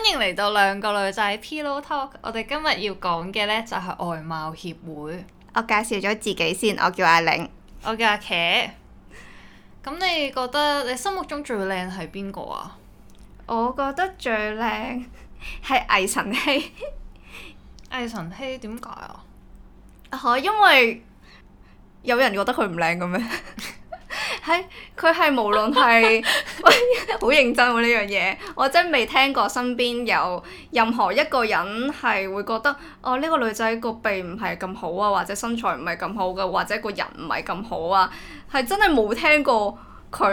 歡迎嚟到兩個女仔 Pillow Talk 我。我哋今日要講嘅呢就係、是、外貌協會。我介紹咗自己先，我叫阿玲，我叫阿茄。咁你覺得你心目中最靚係邊個啊？我覺得最靚係魏晨希。 魏晨希點解啊？因為有人覺得佢唔靚嘅咩？係佢係無論係好 認真喎呢樣嘢，我真未聽過身邊有任何一個人係會覺得哦呢、這個女仔個鼻唔係咁好啊，或者身材唔係咁好嘅，或者個人唔係咁好啊，係真係冇聽過佢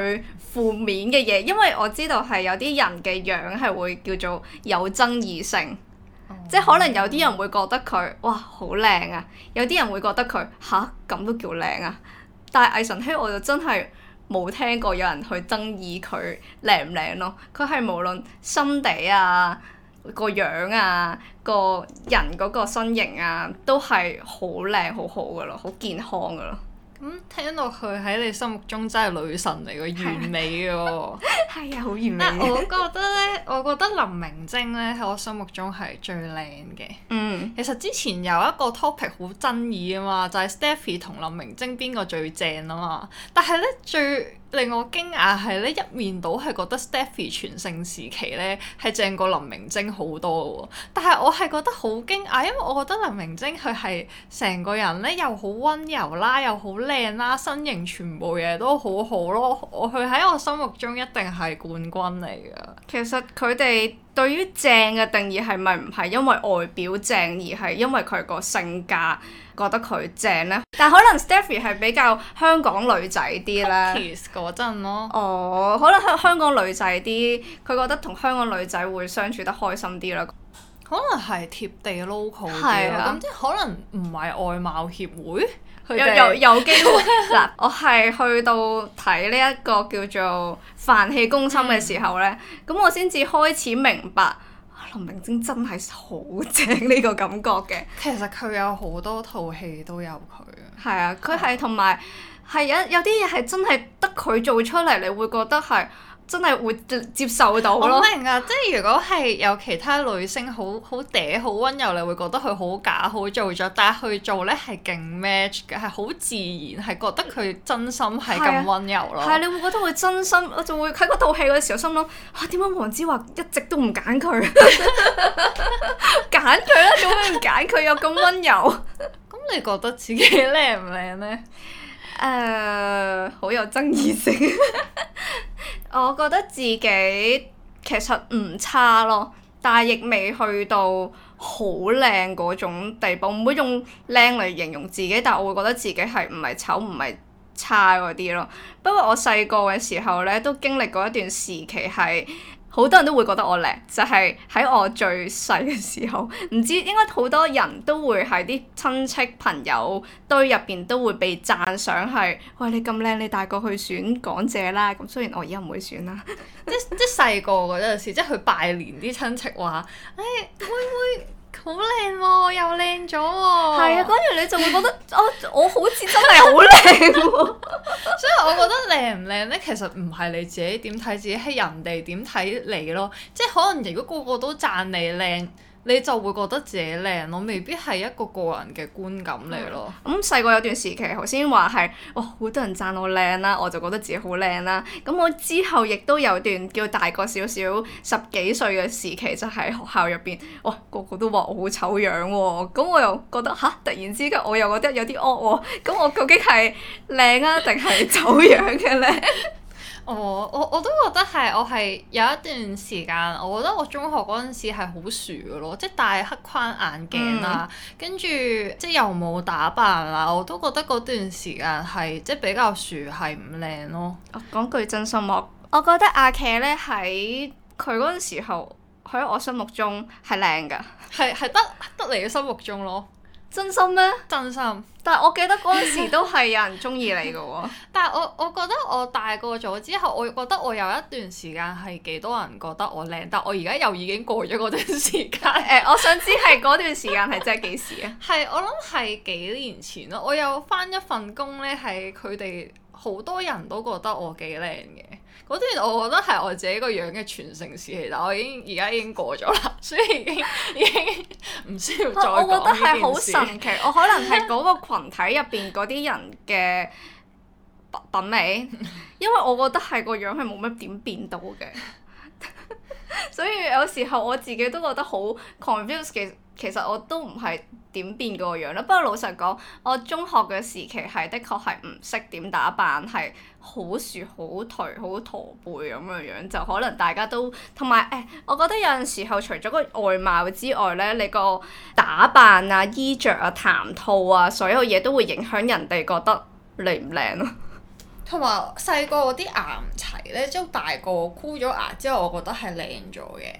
負面嘅嘢，因為我知道係有啲人嘅樣係會叫做有爭議性，嗯、即係可能有啲人會覺得佢哇好靚啊，有啲人會覺得佢吓，咁都叫靚啊，但係魏晨希我就真係～冇聽過有人去爭議佢靚唔靚咯，佢係無論心地啊、個樣啊、個人嗰個身形啊，都係好靚好好㗎咯，好健康㗎咯。咁聽落去喺你心目中真係女神嚟㗎，完美喎、哦！係好 完美。但係我覺得呢，我覺得林明晶呢喺我心目中係最靚嘅。嗯。其實之前有一個 topic 好爭議啊嘛，就係、係、Stephy 同林明晶邊個最正啊嘛。但係呢，最。令我驚訝係咧一面倒係覺得 Stephy 全盛時期咧係正過林明晶好多喎，但係我係覺得好驚訝，因為我覺得林明晶佢係成個人咧又好溫柔啦，又好靚啦，身形全部嘢都好好咯，我佢喺我心目中一定係冠軍嚟㗎。其實佢哋。對於正嘅定義係咪唔係因為外表正而係因為佢個性格覺得佢正呢？但可能 Stephy 係比較香港女仔啲啦嗰陣咯。 哦，可能香香港女仔啲，佢覺得同香港女仔會相處得開心啲啦。可能係貼地 local 啲咯，咁是、啊、即係可能唔係外貌協會。有有有機會嗱 ，我係去到睇呢一個叫做《飯氣攻心》嘅時候呢，咁、嗯、我先至開始明白林明禎真係好正呢個感覺嘅。其實佢有好多套戲都有佢嘅。係 啊，佢係同埋係有有啲嘢係真係得佢做出嚟，你會覺得係。真係會接受到咯。我明啊，即係如果係有其他女星好好嗲、好溫柔，你會覺得佢好假、好做作，但係佢做呢係勁 match 嘅，係好自然，係覺得佢真心係咁溫柔咯。係、啊啊、你會覺得佢真心，我就會喺嗰套戲嗰時候心諗，哇、啊，點解黃子華一直都唔揀佢？揀佢啦，做咩唔揀佢？又咁溫柔。咁 你覺得自己靚唔靚呢？誒、uh,，好有爭議性。 我覺得自己其實唔差咯，但係亦未去到好靚嗰種地步，唔會用靚嚟形容自己，但我會覺得自己係唔係醜，唔係差嗰啲咯。不過我細個嘅時候咧，都經歷過一段時期係。好多人都會覺得我靚，就係、是、喺我最細嘅時候，唔知應該好多人都會喺啲親戚朋友堆入邊都會被讚賞係， 喂你咁靚，你大個去選港姐啦！咁雖然我而家唔會選啦， 即即細個嗰陣時，即去、就是、拜年啲親戚話，誒妹妹。會會 好靚喎、哦，又靚咗喎。係 啊，跟住你就會覺得，我、 啊、我好似真係好靚喎。所以，我覺得靚唔靚咧，其實唔係你自己點睇自己，係人哋點睇你咯。即係可能，如果個個都讚你靚。你就會覺得自己靚咯，我未必係一個個人嘅觀感嚟咯。咁細個有段時期，頭先話係哇，好多人讚我靚啦、啊，我就覺得自己好靚啦。咁我之後亦都有段叫大個少少十幾歲嘅時期，就喺、是、學校入邊，哇個個都話我好醜樣喎、啊。咁我又覺得吓，突然之間我又覺得有啲惡喎、啊。咁我究竟係靚啊，定係 醜樣嘅咧？ Oh，我我我都覺得係，我係有一段時間，我覺得我中學嗰陣時係好薯嘅咯，即戴黑框眼鏡啦、啊，mm. 跟住即又冇打扮啦、啊，我都覺得嗰段時間係即比較薯，係唔靚咯。講句真心話，我覺得阿茄呢喺佢嗰陣時候喺我心目中係靚㗎，係係 得得你嘅心目中咯。真心咩？真心。但係我記得嗰陣時都係有人鍾意你㗎喎。 但係我我覺得我大個咗之後，我覺得我有一段時間係幾多人覺得我靚，但係我而家又已經過咗嗰段時間。誒、 呃，我想知係嗰段時間係即係幾時啊？係， 我諗係幾年前咯。我有返一份工咧，係佢哋好多人都覺得我幾靚嘅。嗰啲我覺得係我自己個樣嘅全盛時期，但我已經而家已經過咗啦，所以已經已經唔 需要再講、啊、我覺得係好神奇， 我可能係嗰個群體入邊嗰啲人嘅品味，因為我覺得係個樣係冇乜點變到嘅， 所以有時候我自己都覺得好 confused 嘅。其實我都唔係點變個樣咯，嗯、不過老實講，我中學嘅時期係的確係唔識點打扮，係好薯、好頹、好駝背咁嘅樣，就可能大家都同埋誒，我覺得有陣時候除咗個外貌之外咧，你個打扮啊、衣着啊、談吐啊，所有嘢都會影響人哋覺得你唔靚咯。同埋細個嗰啲牙唔齊咧，即係大個箍咗牙之後，我覺得係靚咗嘅。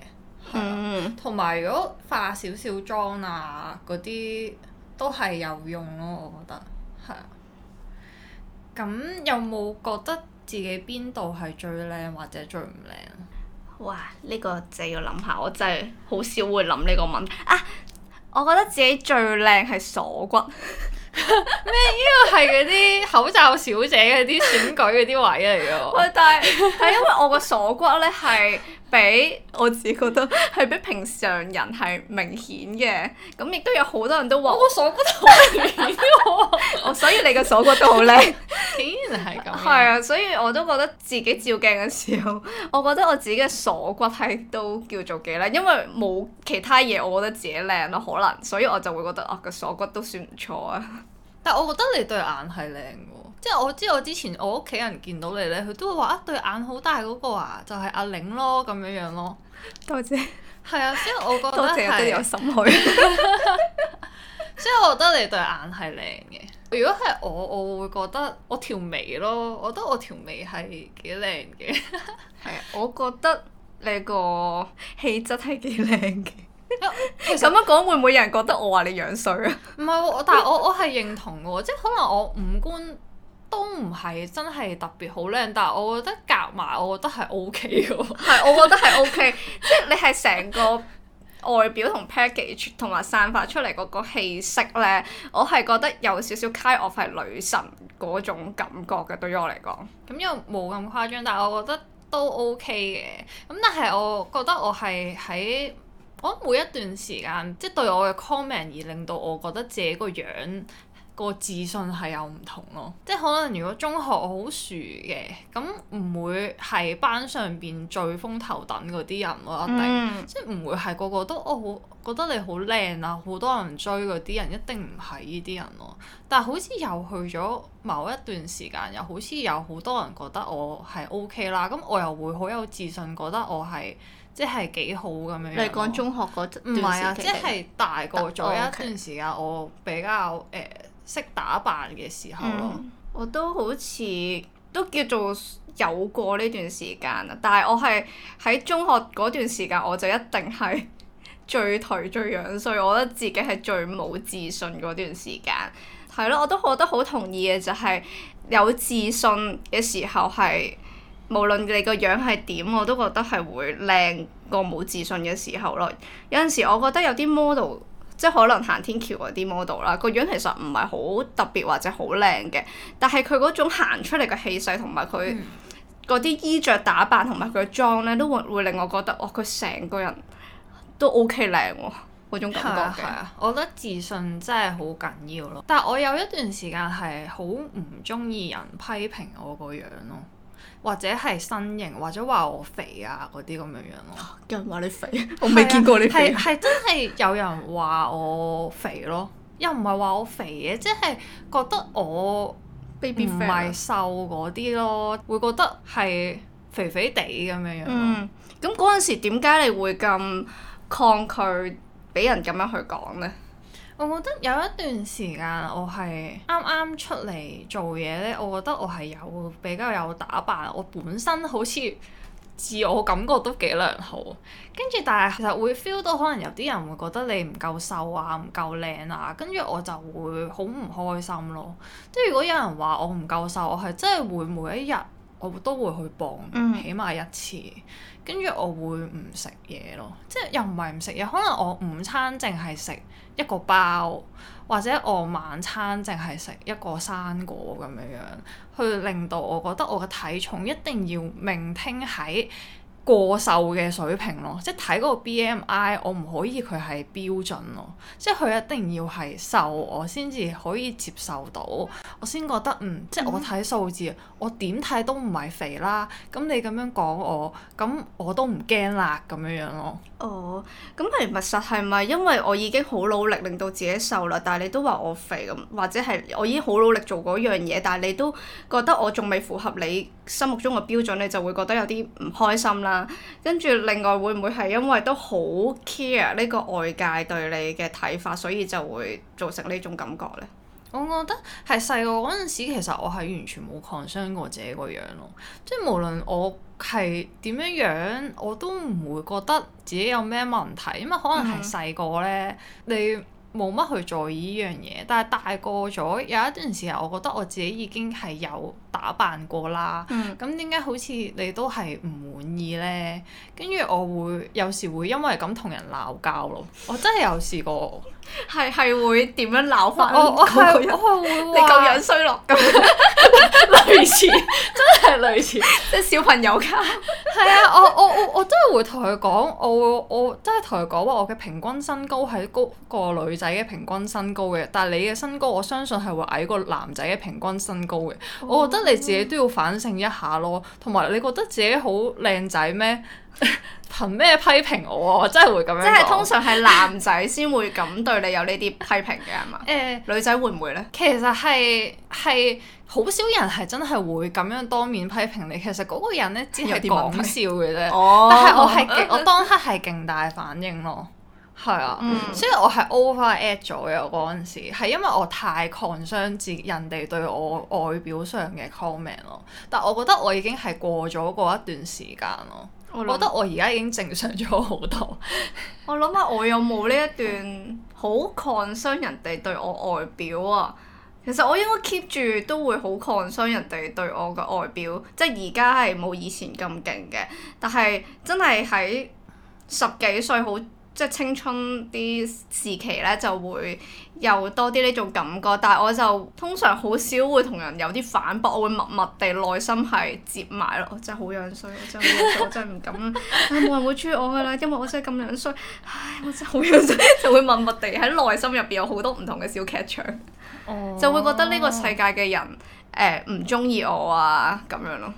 同埋如果化少少妝啊，嗰啲都係有用咯，我覺得係啊。咁有冇覺得自己邊度係最靚或者最唔靚啊？哇！呢個就要諗下，我真係好少會諗呢個問題啊！我覺得自己最靚係鎖骨咩？呢個係嗰啲口罩小姐嗰啲選舉嗰啲位嚟㗎。 喂，但係係 因為我個鎖骨呢係。比我自己覺得係比平常人係明顯嘅，咁亦都有好多人都話我鎖骨都好明顯，我 所以你嘅鎖骨都好靚，竟然係咁，係啊，所以我都覺得自己照鏡嘅時候，我覺得我自己嘅鎖骨係都叫做幾靚，因為冇其他嘢，我覺得自己靚咯，可能所以我就會覺得啊，個鎖骨都算唔錯啊，但我覺得你對眼係靚。即係我知，我之前我屋企人見到你呢，佢都會話：一、啊、對眼好大嗰個啊，就係、是、阿玲咯，咁樣樣咯。多謝，謝、 嗯。係啊，即係我覺得係。多謝都有心去。即係我覺得你對眼係靚嘅。如果係我，我會覺得我條眉咯，我覺得我條眉係幾靚嘅。係 啊，我覺得你個氣質係幾靚嘅。其實 咁樣講會唔會有人覺得我話你樣衰啊？唔係、 啊、我，但係我我係認同嘅，即係可能我五官。都唔係真係特別好靚，但係我覺得夾埋、OK， 我覺得係 O K 喎。係，我覺得係 O K，即係你係成個外表同 package 同埋散發出嚟嗰個氣息呢，我係覺得有少少 kind of 係女神嗰種感覺嘅，對於我嚟講。咁因為冇咁誇張，但係我覺得都 O K 嘅。咁但係我覺得我係喺我每一段時間，即係對我嘅 comment 而令到我覺得自己個樣，個自信係有唔同咯，即係可能如果中學我好薯嘅，咁唔會係班上邊最風頭等嗰啲人咯，一定、嗯、即係唔會係個個都我好、哦、覺得你好靚啊，好多人追嗰啲人一定唔係依啲人咯。但係好似又去咗某一段時間，又好似有好多人覺得我係 O K 啦，咁我又會好有自信，覺得我係即係幾好咁樣。你講中學嗰陣唔係啊，即係大個咗一段時間，行我，okay. 我比較誒。呃識打扮嘅時候咯、嗯，我都好似都叫做有過呢段時間啊，但係我係喺中學嗰段時間，我就一定係最頹最樣衰，我覺得自己係最冇自信嗰段時間。係咯、就是，我都覺得好同意嘅就係有自信嘅時候係無論你個樣係點，我都覺得係會靚過冇自信嘅時候咯。有陣時我覺得有啲 model。即係可能行天橋嗰啲 model 啦，個樣其實唔係好特別或者好靚嘅，但係佢嗰種行出嚟嘅氣勢同埋佢嗰啲衣着打扮同埋佢嘅妝咧，都會會令我覺得哦，佢成個人都 OK 靚喎嗰種感覺嘅。係啊係啊，我覺得自信真係好緊要咯，但係我有一段時間係好唔中意人批評我個樣咯。或者係身形，或者話我肥啊，嗰啲咁樣樣咯。有人話你肥， 我未見過你肥，係係、啊、 真係有人話我肥咯，又唔係話我肥嘅，即、就、係、是、覺得我唔係瘦嗰啲咯，會覺得係肥肥地咁樣樣。嗯，咁嗰陣時點解你會咁抗拒俾人咁樣去講呢？我覺得有一段時間，我係啱啱出嚟做嘢咧，我覺得我係有比較有打扮，我本身好似自我感覺都幾良好。跟住，但係其實會 feel 到，可能有啲人會覺得你唔夠瘦啊，唔夠靚啊。跟住我就會好唔開心咯。即係如果有人話我唔夠瘦，我係真係會每一日。我都會去磅，起碼一次。跟住我會唔食嘢咯，即係又唔係唔食嘢，可能我午餐淨係食一個包，或者我晚餐淨係食一個生果咁樣樣，去令到我覺得我嘅體重一定要明聽喺，過瘦嘅水平咯，即係睇嗰個 BMI，我唔可以佢係標準咯，即係佢一定要係瘦我先至可以接受到，我先覺得嗯，即係我睇數字，嗯、我點睇都唔係肥啦。咁你咁樣講我，咁我都唔驚啦咁樣樣咯。哦，咁其實係咪因為我已經好努力令到自己瘦啦？但係你都話我肥咁，或者係我已經好努力做嗰樣嘢，但係你都覺得我仲未符合你？心目中嘅標準，你就會覺得有啲唔開心啦。跟住另外會唔會係因為都好 care 呢個外界對你嘅睇法，所以就會造成呢種感覺咧？我覺得係細個嗰陣時，其實我係完全冇抗傷過自己個樣咯。即係無論我係點樣樣，我都唔會覺得自己有咩問題，因為可能係細個咧，嗯、你冇乜去在意依樣嘢。但係大個咗有一段時間，我覺得我自己已經係有。打扮過啦，咁點解好似你都係唔滿意咧？跟住我會有時會因為咁同人鬧交咯。我真係有試過，係， 係會點樣鬧翻？我係我係會你咁樣衰落咁，類似真係類似，類似 即係小朋友家。係 啊，我我我我真係會同佢講，我會我真係同佢講話，我嘅平均身高係高過女仔嘅平均身高嘅，但係你嘅身高我相信係會矮過男仔嘅平均身高嘅。哦、我覺得。你自己都要反省一下咯，同埋你覺得自己好靚仔咩？ 憑咩批評我啊？我真係會咁樣講。即係通常係男仔先會咁對你有呢啲批評嘅係嘛？誒，女仔會唔會咧？其實係係好少人係真係會咁樣當面批評你。其實嗰個人咧，只係講笑嘅啫。哦！但係我係我當刻係勁大反應咯。係啊，雖然、嗯、我係 over at 咗嘅。我嗰陣時係因為我太抗傷，自人哋對我外表上嘅 comment 咯。但我覺得我已經係過咗嗰一段時間咯。我，想我覺得我而家已經正常咗好多。我諗下我有冇呢一段好抗傷人哋對我外表啊？其實我應該 keep 住都會好抗傷人哋對我嘅外表，即係而家係冇以前咁勁嘅。但係真係喺十幾歲好。即係青春啲時期咧，就會有多啲呢種感覺。但係我就通常好少會同人有啲反駁，我會默默地內心係接埋咯。我真係好樣衰，我真係好樣衰， 我真係唔敢啦。冇、 啊、人會鍾意我㗎喇，因為我真係咁樣衰。唉，我真係好樣衰， 就會默默地喺內心入邊有好多唔同嘅小劇場。Oh. 就會覺得呢個世界嘅人誒唔鍾意我啊咁樣咯。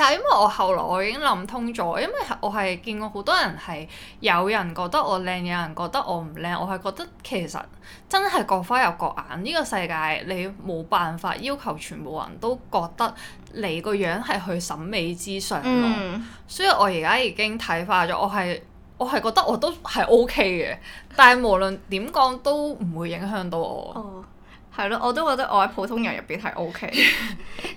但係因為我後來我已經諗通咗，因為我係見過好多人係有人覺得我靚，有人覺得我唔靚，我係覺得其實真係各花入各眼，呢個世界你冇辦法要求全部人都覺得你個樣係去審美之上，嗯、所以我而家已經睇化咗，我係我係覺得我都係 OK 嘅，但係無論點講都唔會影響到我。哦。係咯，我都覺得我喺普通人入邊係 OK，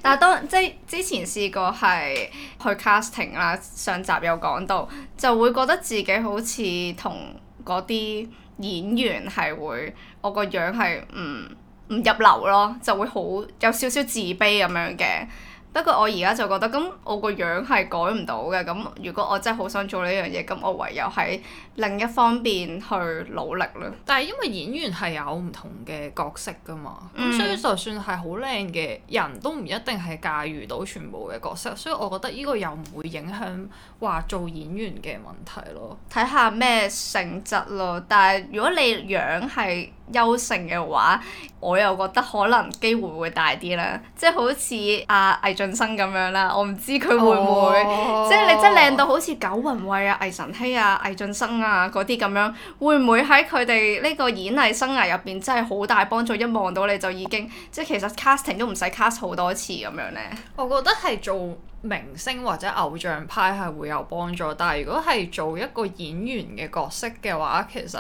但係當即之前試過係去 casting 啦，上集有講到，就會覺得自己好似同嗰啲演員係會，我個樣係唔唔入流咯，就會好有少少自卑咁樣嘅。不過我而家就覺得，咁我個樣係改唔到嘅。咁如果我真係好想做呢樣嘢，咁我唯有喺另一方面去努力囉。但係因為演員係有唔同嘅角色㗎嘛，咁、嗯、所以就算係好靚嘅人都唔一定係駕馭到全部嘅角色，所以我覺得呢個又唔會影響話做演員嘅問題咯。睇下咩性質咯。但係如果你樣係，優勝嘅話，我又覺得可能機會會大啲咧。即係好似阿魏俊生咁樣啦，我唔知佢會唔會，即係你真係靚到好似九雲慧啊、魏晨曦啊、oh. 魏俊生啊嗰啲咁樣，會唔會喺佢哋呢個演藝生涯入邊真係好大幫助？一望到你就已經，即係其實 casting 都唔使 cast 好多次咁樣呢。我覺得係做明星或者偶像派係會有幫助，但係如果係做一個演員嘅角色嘅話，其實。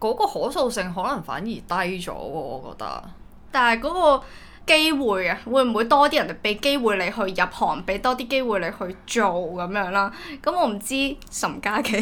嗰個可塑性可能反而低咗喎，我覺得。但係嗰個機會啊，會唔會多啲人就俾機會你去入行，俾多啲機會你去做咁樣啦？咁我唔知岑嘉琪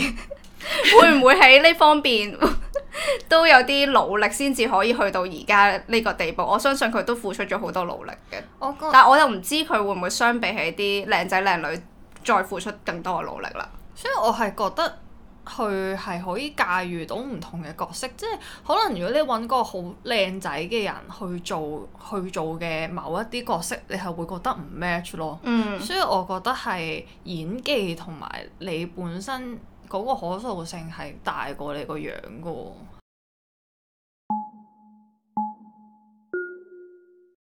會唔會喺呢方面 都有啲努力先至可以去到而家呢個地步。我相信佢都付出咗好多努力嘅。我覺，但係我又唔知佢會唔會相比起啲靚仔靚女，再付出更多嘅努力啦。所以我係覺得。佢係可以駕馭到唔同嘅角色，即係可能如果你揾個好靚仔嘅人去做去做嘅某一啲角色，你就會覺得唔 match 咯。嗯，所以我覺得係演技同埋你本身嗰個可塑性係大過你個樣㗎。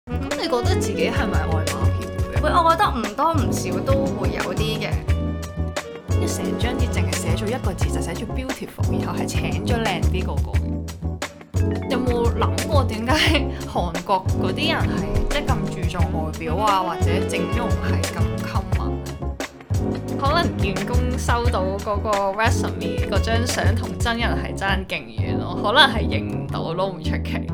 咁你覺得自己係咪外貌協會？我覺得唔多唔少都會有啲嘅。一個字就寫住 beautiful，然後係請咗靚啲嗰個。有冇諗過點解韓國嗰啲人係即係咁注重外表啊，或者整容係咁 common？可能員工收到嗰個 resume 嗰張相同真人係爭勁遠咯，我可能係認唔到咯，唔出奇。